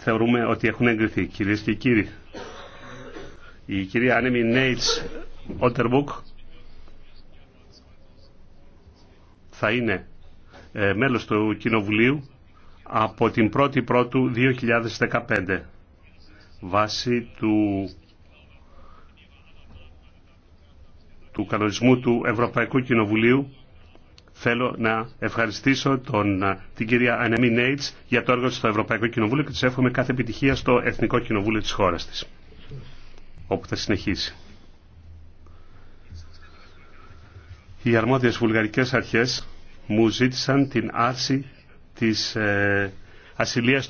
θεωρούμε ότι έχουν εγκριθεί. Κυρίε και κύριοι, η κυρία Άνεμι Νέιτς Οτερμπουκ θα είναι ε, μέλος του Κοινοβουλίου από την 1η Πρώτου 2015 βάσει του, του κανονισμού του Ευρωπαϊκού Κοινοβουλίου Θέλω να ευχαριστήσω τον, την κυρία Ανεμή Νέιτς για το έργο της στο Ευρωπαϊκό Κοινοβούλιο και της εύχομαι κάθε επιτυχία στο Εθνικό Κοινοβούλιο της χώρας της, όπου θα συνεχίσει. Οι αρμόδιες βουλγαρικές αρχές μου ζήτησαν την άρση της ε, ασυλίας του